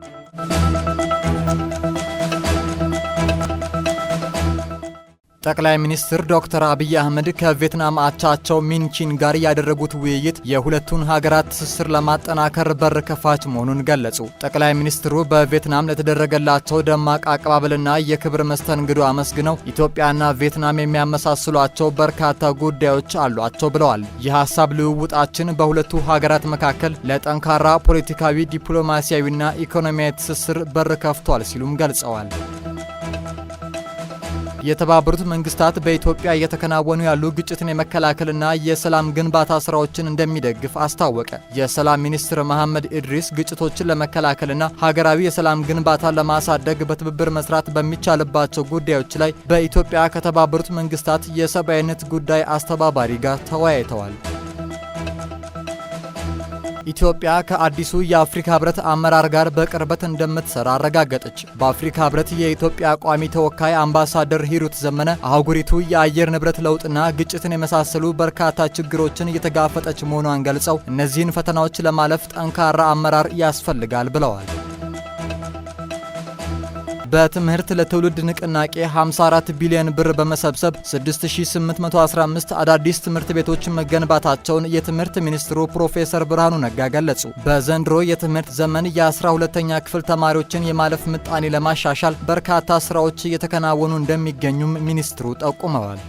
Thank you. ጠቅላይ ሚኒስትር ዶክተር አብይ አህመድ ከቪየትናም አቻቸው ሚንቺን ጋር ያደረጉት ውይይት የሁለቱን ሀገራት ትስስር ለማጠናከር በር ከፋች መሆኑን ገለጹ። ጠቅላይ ሚኒስትሩ በቪየትናም ለተደረገላቸው ደማቅ አቀባበልና የክብር መስተንግዶ አመስግነው ኢትዮጵያና ቪየትናም የሚያመሳስሏቸው በርካታ ጉዳዮች አሏቸው ብለዋል። የሀሳብ ልውውጣችን በሁለቱ ሀገራት መካከል ለጠንካራ ፖለቲካዊ፣ ዲፕሎማሲያዊና ኢኮኖሚያዊ ትስስር በር ከፍቷል ሲሉም ገልጸዋል። የተባበሩት መንግስታት በኢትዮጵያ እየተከናወኑ ያሉ ግጭትን የመከላከልና የሰላም ግንባታ ስራዎችን እንደሚደግፍ አስታወቀ። የሰላም ሚኒስትር መሐመድ ኢድሪስ ግጭቶችን ለመከላከልና ሀገራዊ የሰላም ግንባታ ለማሳደግ በትብብር መስራት በሚቻልባቸው ጉዳዮች ላይ በኢትዮጵያ ከተባበሩት መንግስታት የሰብአዊነት ጉዳይ አስተባባሪ ጋር ተወያይተዋል። ኢትዮጵያ ከአዲሱ የአፍሪካ ህብረት አመራር ጋር በቅርበት እንደምትሰራ አረጋገጠች። በአፍሪካ ህብረት የኢትዮጵያ ቋሚ ተወካይ አምባሳደር ሂሩት ዘመነ አህጉሪቱ የአየር ንብረት ለውጥና ግጭትን የመሳሰሉ በርካታ ችግሮችን እየተጋፈጠች መሆኗን ገልጸው እነዚህን ፈተናዎች ለማለፍ ጠንካራ አመራር ያስፈልጋል ብለዋል። በትምህርት ለትውልድ ንቅናቄ 54 ቢሊዮን ብር በመሰብሰብ 6815 አዳዲስ ትምህርት ቤቶችን መገንባታቸውን የትምህርት ሚኒስትሩ ፕሮፌሰር ብርሃኑ ነጋ ገለጹ። በዘንድሮ የትምህርት ዘመን የ12ተኛ ክፍል ተማሪዎችን የማለፍ ምጣኔ ለማሻሻል በርካታ ስራዎች እየተከናወኑ እንደሚገኙም ሚኒስትሩ ጠቁመዋል።